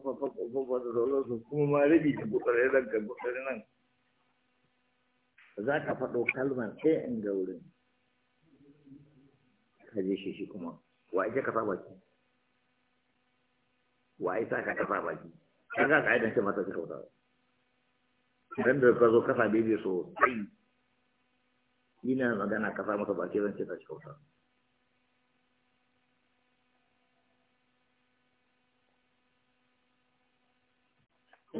kuma ma rabi ta gutsare nan nan za ka faɗo kalmar sai in ga wurin ka je shi shi kuma wa ita ka sa baki wa ita ka ka sa baki ka ga ka'idan ce mata ta kauta idan da ka zo kasa daidai so sai ina magana ka sa masa baki zan ce ta kauta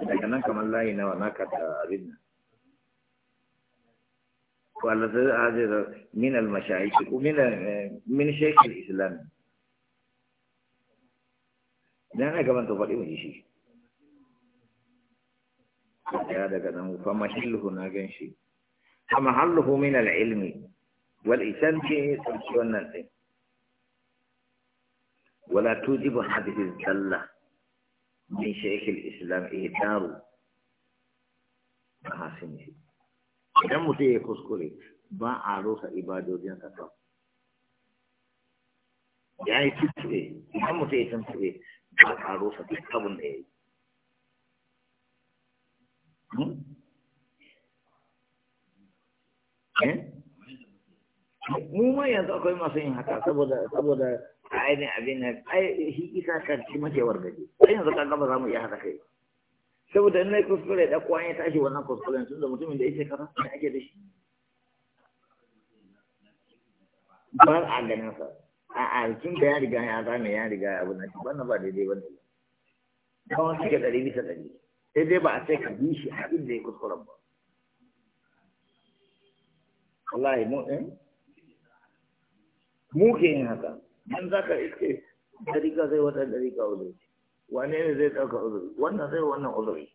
daga nan kamar layi nawa naka da abin nan wala ta hajjira min al-mashayikh min min shaykh al-islam dan ne gaban to faɗi mu shi ya daga nan fa mahilluhu na gan shi fa mahalluhu min al-ilmi wal isan ce tsarki wannan din wala tujibu hadhihi dalla di shekul islam ihdaru a hasini idan mutum ya kuskure ba a rusa ibadodin kasa ya yi tuntube idan mutum ya tuntube ba a rusa duk abin da ya yi mu ma yanzu akwai masu yin haka saboda saboda A ainihin abin nan ai shi isa kan ci macewar gaji sai yanzu kan gaba za mu iya haɗa kai saboda in nai kuskure da kowa ya tashi wannan kuskuren tun da mutumin da yake kaza da ake da shi ba a ganin sa a a tun da ya riga ya zame ya riga ya abu na shi wannan ba daidai ba ne ba wani suke ɗari bisa ɗari sai dai ba a sai ka bi shi a inda ya kuskuren ba wallahi mu eh? mu ke yin haka dan za ka iske ka zai wata dariƙa uzuri wane ne zai ɗauka uzuri wannan zai wannan uzuri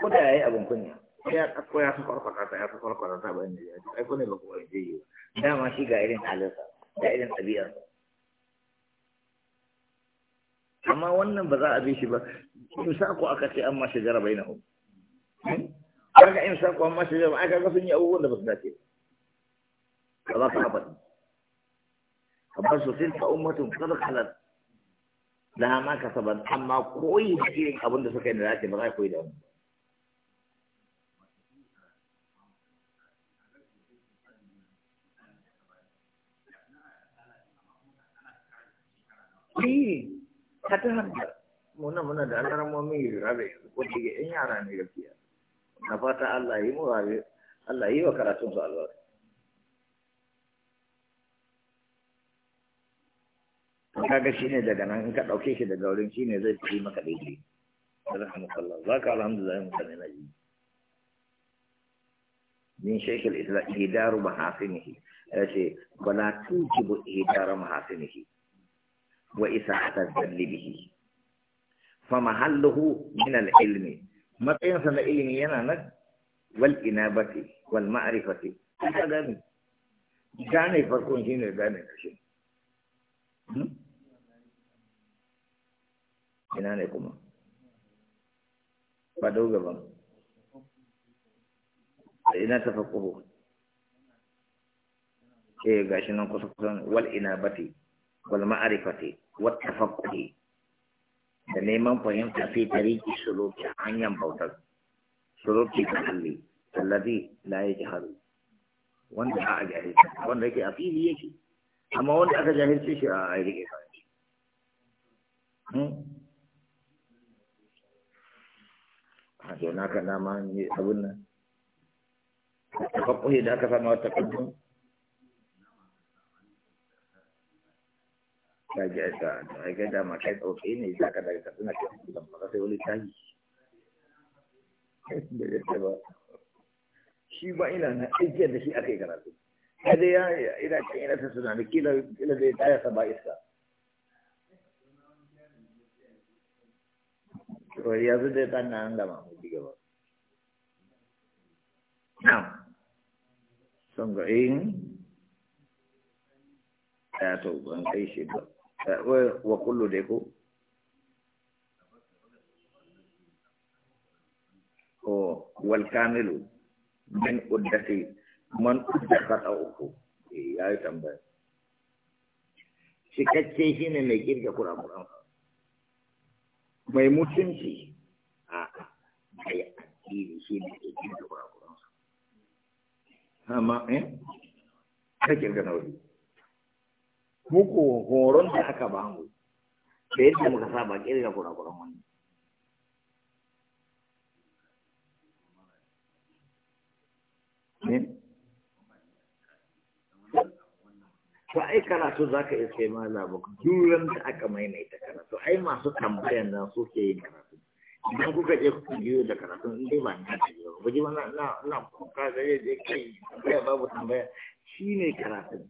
ko da ya yi abin kunya ya ɗauko ya fi farfaka ta ya fi farfaka ta bayan da ya ci aiko ne ba kuma ya yi dama shi ga irin halinsa ga irin ɗabi'arsa amma wannan ba za a bi shi ba ko aka ce amma shajara bai na hukum hmm? kaga imsaku amma shajara aka ga sun yi abubuwan da ba su dace ba za ka faɗi kamar su tilka ummatun qad khalat laha ma kasabat amma koyi da irin abin da suka yi da zaki ba za koyi da wani Eh, kata hantar. muna muna da alamomin rabe ko da yan yara ne gaskiya na fata Allah yi mu rabe Allah yi wa karatun su albarka kaga shine daga nan in ka dauke shi daga wurin shine zai fi maka daidai rahmatullah zaka ka alhamdulillah mutane na yi min shaykh al-islam idaru mahasinihi yace wala tujibu idaru mahasinihi wa isa'ata dhalibihi fa mahalluhu min al-ilmi matsayin sa na ilimi yana nan wal inabati wal ma'rifati kaga ne gane farkon shine gane kashi ina ne kuma ba dau gaban ina tafaqquhu eh gashi nan kusa kusan wal inabati wal ma'rifati wat tafaqquhi da neman fahimta fi tariki suluki hanyar bautar suluki ta halli alladhi la yajharu wanda a jahilci wanda yake a fili yake amma wanda aka jahilce shi a aiki kawai hmm? a to na ka dama ne abin nan tafakkuhi da aka wata ta ji aika aika kai ne za ka daga na kai ba sai wani tahi da ba shi ba ina na da shi aka yi karatu ya ina ina ta suna da kila ba iska to yanzu dai ɗan na nan da mamu ci gaba na son ga in ya to ban kai shi ba wa dai ko ko wal kamilu min uddati man uddaka uku ya yi tambaya cikakke shine mai kirga kurakuransa mai mutunci a mai addini shi ne ke jin da kurakuransu amma ɗin eh? ta kirga na wuri muku horon da aka ba da yadda muka saba kirga kurakuran wani ai karatu za ka iske malamu duran da aka maimaita karatu ai masu tambayan nan ke yin karatu idan kuka je ku biyo da karatu in dai ba na biyo ba ji na na kuka zai ya je kai tambaya babu tambaya shi ne karatu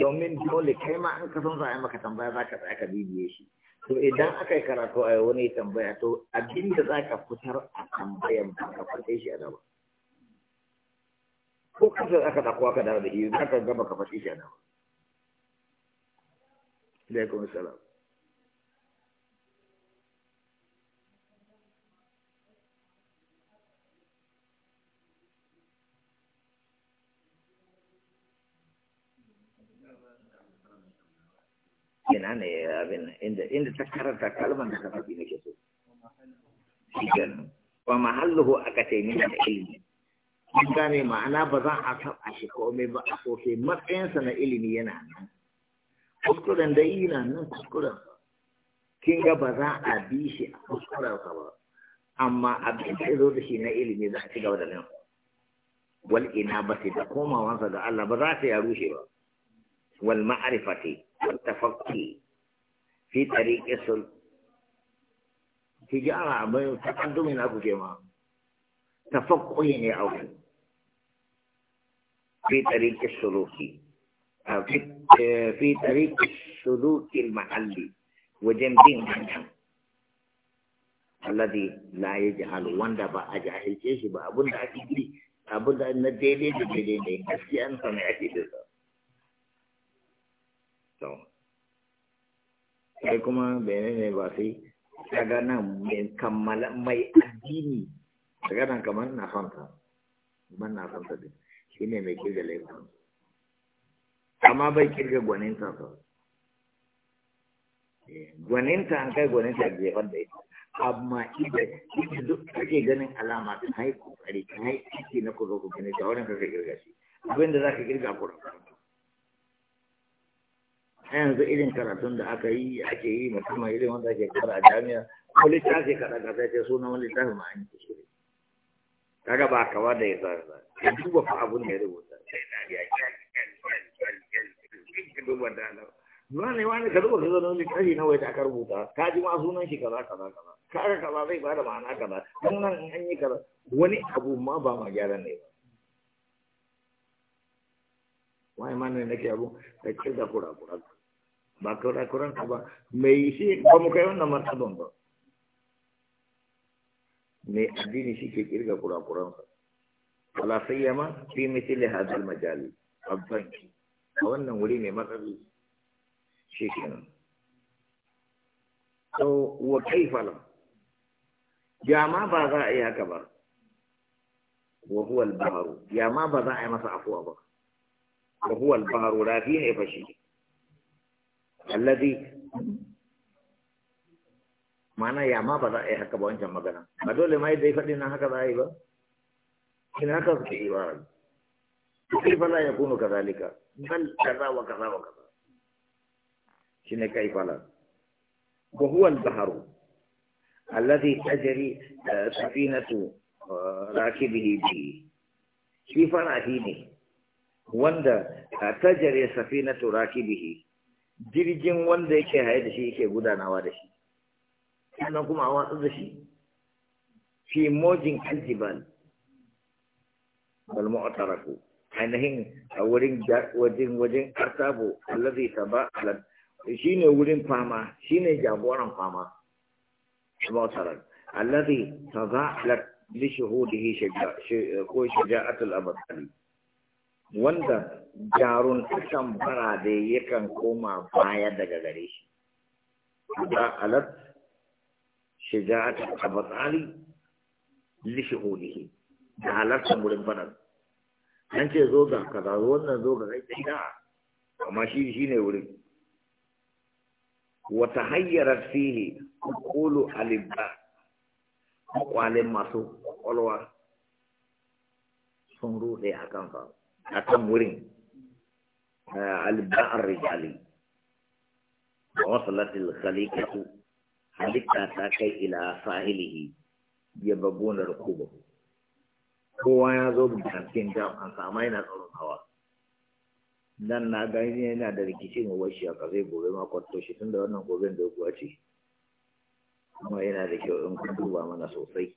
domin dole kai ma an ka san za a yi maka tambaya za ka tsaya ka bibiye shi to idan aka yi karatu a wani tambaya to abinda za ka fitar a tambayan ba ka faɗe shi a gaba ko kasar aka dakuwa ka da iya za ka gaba ka fashe shi a gaba alaikum salam ina ne abin inda inda ta karanta kalmar da ta fi nake so shigan wa mahalluhu aka ce min da ilimi kun gane ma'ana ba za a a shi komai ba a soke matsayinsa na ilimi yana nan kuskuren da ina nan kuskuren kin ga ba za a bi shi a kuskuren sa ba amma abin da zo da shi na ilimi za a ci gaba da nan wal ina ba sai da komawansa ga Allah ba za ta ya rushe ba wal ma'rifati wal tafakki fi tariqi sul tijara abin takaddumi na ku ma tafakkuhi ne a wani fi tariqi suluki في طريق السلوك المحلي وجنبين الذي لا يجعل وند بأجاهل شيء a أبن أكيد a أن الدليل الدليل نفسي أن سمعت ذلك sai kuma bene ne ba sai daga nan mai kammala mai addini daga nan kamar na fanta ban na fanta din shine mai kirga laifin amma bai kirga gwaninta sa eh, gwaninta an kai gwaninta gefen da ita amma ida ita duk kake ganin alama ta hai kokari ta hai ciki na kuzo ku gani shawaran kake kirga shi abin da zaka kirga ku a yanzu irin karatun da aka yi ake yi musamman irin wanda ake kara a jami'a ko littafi kada ka ce suna wani littafi ma an yi kaga ba kawa da ya zara ba duba fa abun da ya rubuta sai na wadala wani wani ka zuba ka zano kashi na wai da aka rubuta ka ji ma sunan shi kaza kaza kaza ka ga kaza zai ba da ma'ana kaza don nan in an yi kaza wani abu ma ba ma gyara ne ba wani ma ne nake abu da ke da kura kura ba kura kuran ka ba mai shi ba mu kai wannan martaban ba mai addini shi ke kirga kura kuran sa wala sayyama fi mithli hadha al majali abban a wannan wuri mai matsari shi kenan So, wa kaifala ya ma ba za a yi haka ba wa huwa baharu, bahru ya ma ba za a yi masa afuwa ba wa huwa baharu rafi ne fashi Alladi, mana ya ma ba za a yi haka ba wancan magana ba dole ma yi dai faɗi nan haka za a yi ba ina haka suke ibara كيف لا يكون كذلك بل كذا وكذا وكذا شنو كيف لا وهو البحر الذي تجري سفينة راكبه به في فراهينه wanda uh, ta jare safina bihi jirgin wanda yake haye da shi yake gudanawa da shi sannan kuma a watsar da shi fi mojin aljibal bal Taraku. ainihin a wurin wajen wajen artabu allazi taba alad shine wurin fama shine jagoran fama mawsaran allazi taba alad li shuhudihi ko shaja'atul abadi wanda jarun kan bara da yakan koma baya daga gare shi taba alad shaja'atul abadi li shuhudihi da halartar wurin fadar an ce zo ga kaza wannan zo ga kai da amma shi shi ne wurin wata hayyarar fihi kulu alibba kwalin masu kwakwalwa sun rude a kansa a kan wurin eh, alba'ar rijali a wasalatil halitta ta kai ila sahilihi ya babu na kowa ya zo cikin jam an sama yana tsaron hawa nan na gani yana da rikici ne washi a gobe ma kwato shi tunda wannan goben da kuwa ce kuma yana da kyau in kun duba mana sosai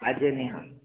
ajenihan